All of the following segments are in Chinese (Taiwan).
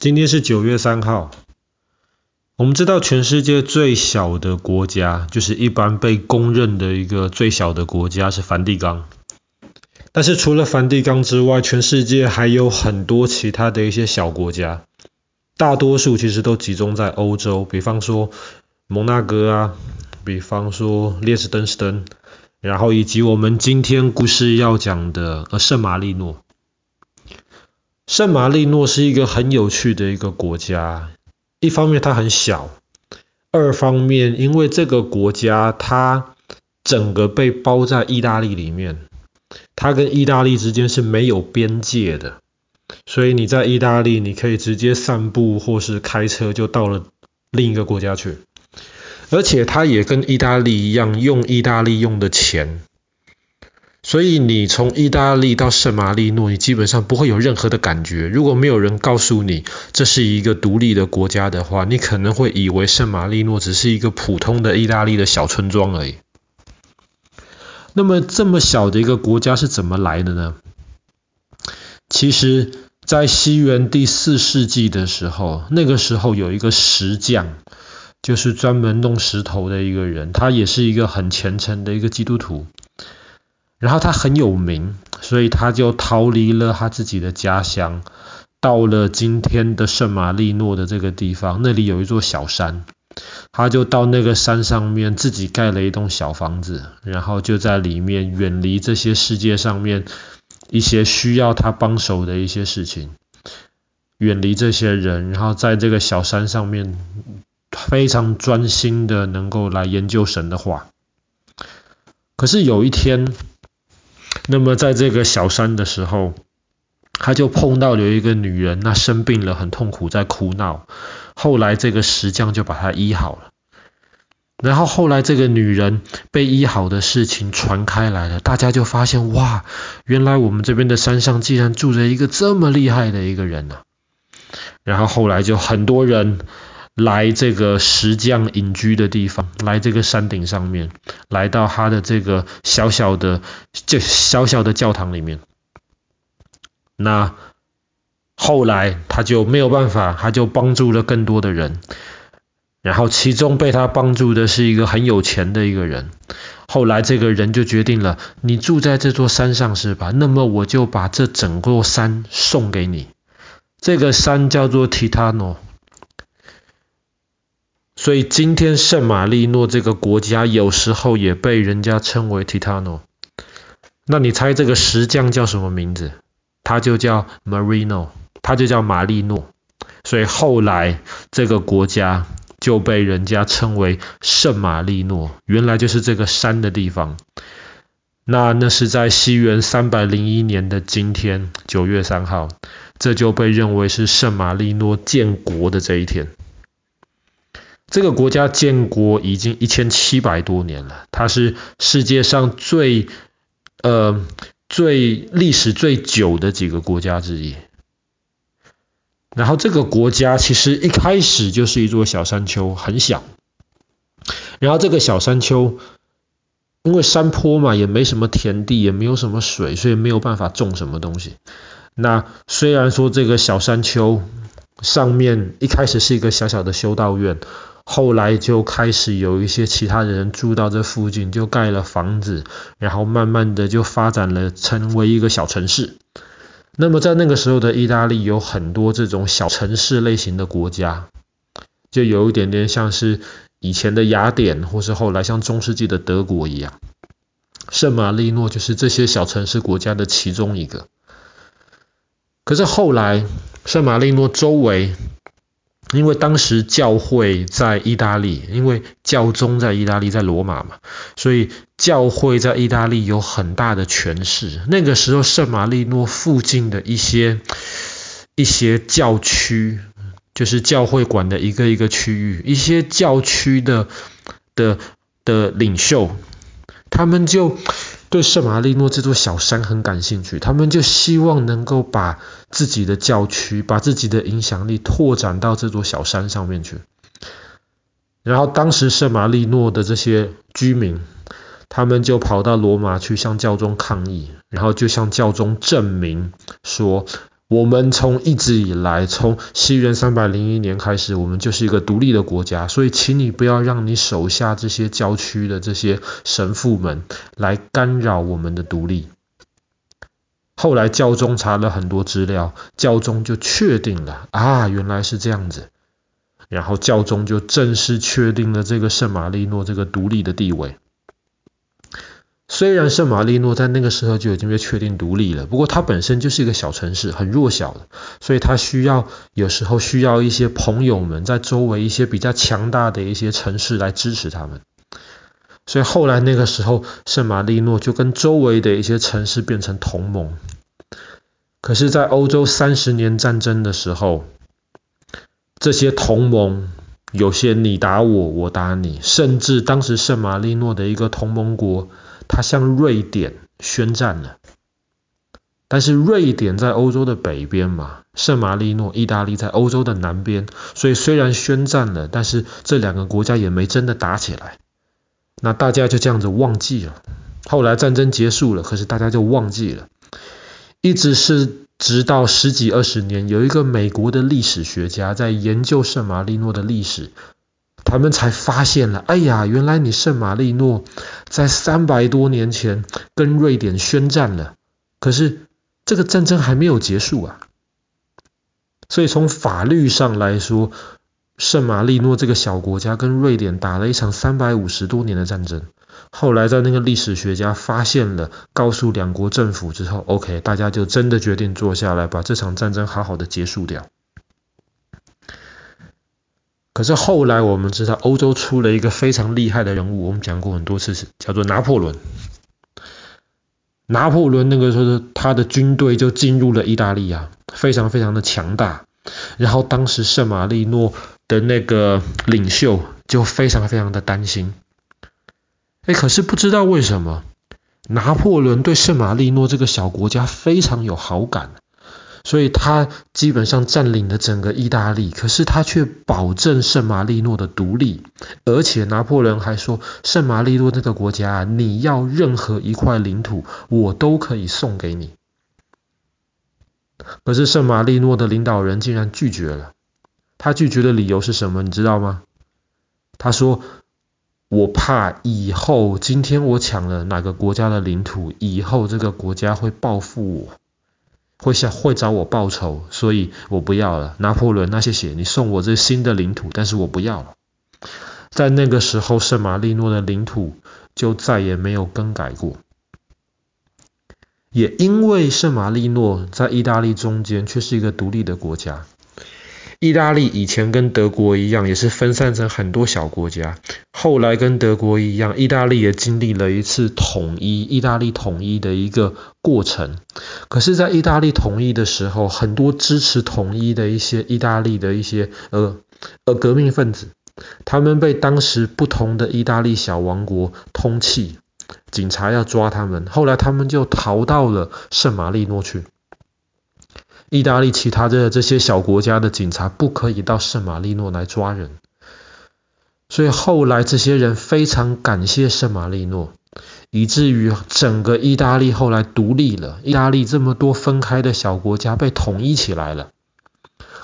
今天是九月三號。我們知道，全世界最小的國家，就是一般被公認的一個最小的國家是梵蒂岡。但是除了梵蒂岡之外，全世界還有很多其他的一些小國家，大多數其實都集中在歐洲，比方說蒙納哥啊，比方說列支敦士登，然後以及我們今天故事要講的聖馬利諾。聖馬利諾是一個很有趣的一個國家，一方面它很小，二方面因為這個國家它整個被包在意大利裡面，它跟意大利之間是沒有邊界的，所以你在意大利你可以直接散步或是開車就到了另一個國家去，而且它也跟意大利一樣用意大利用的錢。所以你從意大利到聖馬利諾，你基本上不會有任何的感覺。如果沒有人告訴你這是一個獨立的國家的話，你可能會以為聖馬利諾只是一個普通的意大利的小村莊而已。那麼這麼小的一個國家是怎麼來的呢？其實，在西元第四世紀的時候，那個時候有一個石匠，就是專門弄石頭的一個人，他也是一個很虔誠的一個基督徒。然後他很有名，所以他就逃離了他自己的家鄉，到了今天的聖馬利諾的這個地方。那裡有一座小山，他就到那個山上面自己蓋了一棟小房子，然後就在裡面遠離這些世界上面一些需要他幫手的一些事情，遠離這些人，然後在這個小山上面非常專心的能夠來研究神的話。可是有一天，那麼在這個小山的時候，他就碰到了一個女人，那生病了，很痛苦，在哭鬧。後來這個石匠就把她醫好了。然後後來這個女人被醫好的事情傳開來了，大家就發現哇，原來我們這邊的山上竟然住着一個這麼厲害的一個人啊！然後後來就很多人。來這個石匠隱居的地方，來這個山頂上面，來到他的這個小小的這小小的教堂裡面。那後來他就沒有辦法，他就幫助了更多的人。然後其中被他幫助的是一個很有錢的一個人。後來這個人就決定了，你住在這座山上是吧？那麼我就把這整座山送給你。這個山叫做提塔諾。所以今天聖馬利諾這個國家有時候也被人家稱為 Titano。那你猜這個石匠叫什麼名字？他就叫 Marino，他就叫馬利諾。所以後來這個國家就被人家稱為聖馬利諾。原來就是這個山的地方。那那是在西元三百零一年的今天，九月三號，這就被認為是聖馬利諾建國的這一天。這個國家建國已經一千七百多年了，它是世界上最呃最歷史最久的幾個國家之一。然後這個國家其實一開始就是一座小山丘，很小。然後這個小山丘因為山坡嘛，也沒什麼田地，也沒有什麼水，所以沒有辦法種什麼東西。那雖然說這個小山丘上面一開始是一個小小的修道院。後來就開始有一些其他的人住到這附近，就蓋了房子，然後慢慢的就發展了，成為一個小城市。那麼在那個時候的意大利有很多這種小城市類型的國家，就有一點點像是以前的雅典，或是後來像中世紀的德國一樣。聖馬利諾就是這些小城市國家的其中一個。可是後來聖馬利諾周圍因為當時教會在意大利，因為教宗在意大利，在羅馬嘛，所以教會在意大利有很大的權勢。那個時候，聖馬利諾附近的一些一些教區，就是教會管的一個一個區域，一些教區的的的領袖，他們就。對聖馬利諾這座小山很感興趣，他們就希望能夠把自己的教區、把自己的影響力拓展到這座小山上面去。然後，當時聖馬利諾的這些居民，他們就跑到羅馬去向教宗抗議，然後就向教宗證明說。我們從一直以來，從西元三百零一年開始，我們就是一個獨立的國家，所以請你不要讓你手下這些郊區的這些神父們來干擾我們的獨立。後來教宗查了很多資料，教宗就確定了啊，原來是這樣子，然後教宗就正式確定了這個聖馬利諾這個獨立的地位。雖然聖馬利諾在那個時候就已經被確定獨立了，不過它本身就是一個小城市，很弱小的，所以它需要有時候需要一些朋友們在周圍一些比較強大的一些城市來支持他們。所以後來那個時候，聖馬利諾就跟周圍的一些城市變成同盟。可是，在歐洲三十年戰爭的時候，這些同盟有些你打我，我打你，甚至當時聖馬利諾的一個同盟國。他向瑞典宣戰了，但是瑞典在歐洲的北邊嘛，聖馬利諾、意大利在歐洲的南邊，所以雖然宣戰了，但是這兩個國家也沒真的打起來。那大家就這樣子忘記了。後來戰爭結束了，可是大家就忘記了，一直是直到十幾二十年，有一個美國的歷史學家在研究聖馬利諾的歷史，他們才發現了：哎呀，原來你聖馬利諾。在三百多年前跟瑞典宣戰了，可是這個戰爭還沒有結束啊，所以從法律上來說，聖馬利諾這個小國家跟瑞典打了一場三百五十多年的戰爭。後來在那個歷史學家發現了，告訴兩國政府之後，OK，大家就真的決定坐下來，把這場戰爭好好的結束掉。可是後來我們知道，歐洲出了一個非常厲害的人物，我們講過很多次，是叫做拿破崙。拿破崙那個時候他的軍隊就進入了意大利啊，非常非常的強大。然後當時聖馬利諾的那個領袖就非常非常的擔心。哎，可是不知道為什麼，拿破崙對聖馬利諾這個小國家非常有好感。所以他基本上佔領了整個意大利，可是他卻保證聖馬利諾的獨立，而且拿破崙還說聖馬利諾這個國家，你要任何一塊領土，我都可以送給你。可是聖馬利諾的領導人竟然拒絕了，他拒絕的理由是什麼？你知道嗎？他說，我怕以後，今天我搶了哪個國家的領土，以後這個國家會報復我。會想會找我報仇，所以我不要了。拿破崙那些血，你送我這新的領土，但是我不要了。在那個時候，聖馬利諾的領土就再也沒有更改過。也因為聖馬利諾在意大利中間，卻是一個獨立的國家。意大利以前跟德國一樣，也是分散成很多小國家。後來跟德國一樣，意大利也經歷了一次統一，意大利統一的一個過程。可是，在意大利統一的時候，很多支持統一的一些意大利的一些呃呃革命分子，他們被當時不同的意大利小王國通緝，警察要抓他們。後來他們就逃到了聖馬利諾去。意大利其他的這些小國家的警察不可以到聖馬利諾來抓人。所以後來這些人非常感謝聖馬利諾，以至於整個意大利後來獨立了。意大利這麼多分開的小國家被統一起來了，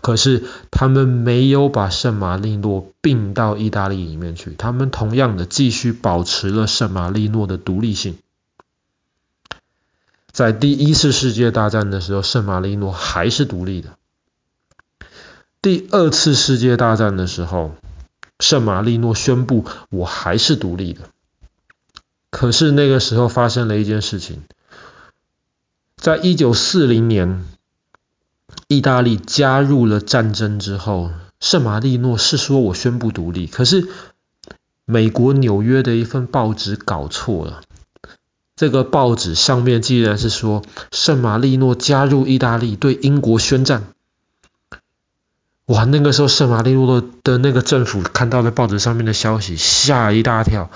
可是他們沒有把聖馬利諾併到意大利裡面去。他們同樣的繼續保持了聖馬利諾的獨立性。在第一次世界大戰的時候，聖馬利諾還是獨立的。第二次世界大戰的時候。聖馬利諾宣布，我還是獨立的。可是那個時候發生了一件事情，在一九四零年，意大利加入了戰爭之後，聖馬利諾是說我宣布獨立，可是美國紐約的一份報紙搞錯了，這個報紙上面竟然是說聖馬利諾加入意大利，對英國宣戰。哇，那個時候聖馬利諾的那個政府看到了報紙上面的消息，嚇一大跳，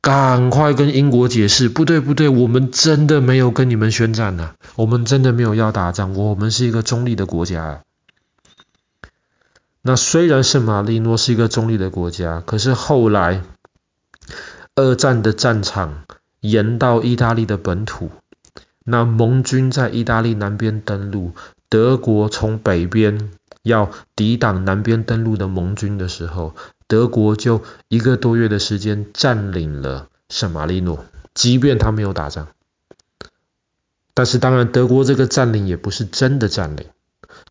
趕快跟英國解釋，不對，不對，我們真的沒有跟你們宣戰啊！我們真的沒有要打仗，我們是一個中立的國家啊。那雖然聖馬利諾是一個中立的國家，可是後來二戰的戰場延到意大利的本土，那盟軍在意大利南邊登陸，德國從北邊。要抵擋南邊登陸的盟軍的時候，德國就一個多月的時間占領了聖馬利諾，即便他沒有打仗。但是當然，德國這個占領也不是真的占領，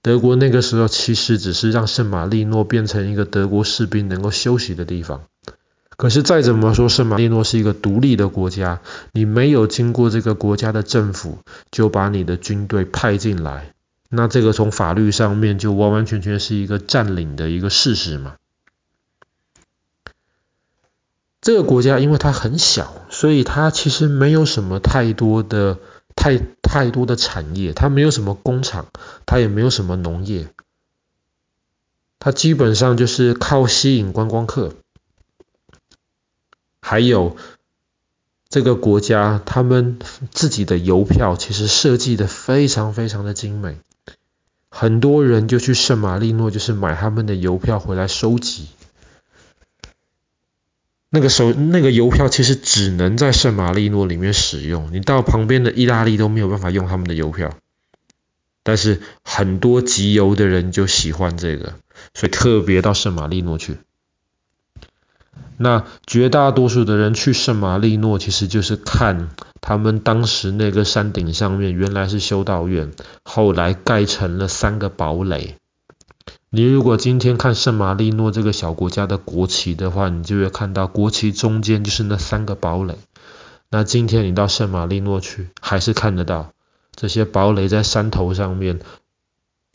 德國那個時候其實只是讓聖馬利諾變成一個德國士兵能夠休息的地方。可是再怎麼說，聖馬利諾是一個獨立的國家，你沒有經過這個國家的政府，就把你的軍隊派進來。那這個從法律上面就完完全全是一個占領的一個事實嘛。這個國家因為它很小，所以它其實沒有什麼太多的太太多的產業，它沒有什麼工廠，它也沒有什麼農業，它基本上就是靠吸引觀光客。還有這個國家他們自己的郵票其實設計的非常非常的精美。很多人就去聖馬利諾，就是買他們的郵票回來收集。那個時候，那個郵票其實只能在聖馬利諾裡面使用，你到旁邊的意大利都沒有辦法用他們的郵票。但是很多集郵的人就喜歡這個，所以特別到聖馬利諾去。那絕大多數的人去聖馬利諾，其實就是看他們當時那個山頂上面原來是修道院，後來蓋成了三個堡壘。你如果今天看聖馬利諾這個小國家的國旗的話，你就會看到國旗中間就是那三個堡壘。那今天你到聖馬利諾去，還是看得到這些堡壘在山頭上面。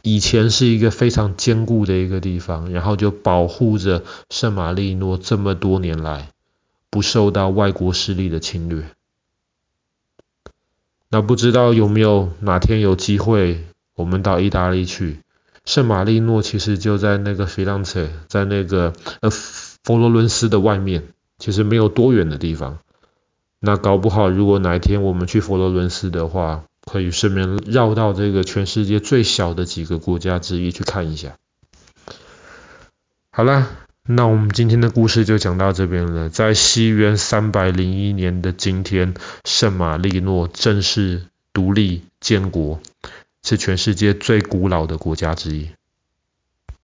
以前是一個非常堅固的一個地方，然後就保護着聖馬利諾這麼多年來不受到外國勢力的侵略。那不知道有沒有哪天有機會，我們到意大利去，聖馬利諾其實就在那個菲冷翠，在、那個呃、佛羅倫斯的外面，其實沒有多遠的地方。那搞不好，如果哪一天我們去佛羅倫斯的話，可以順便繞到這個全世界最小的幾個國家之一去看一下。好啦，那我們今天的故事就講到這邊了。在西元三百零一年的今天，聖馬利諾正式獨立建國，是全世界最古老的國家之一。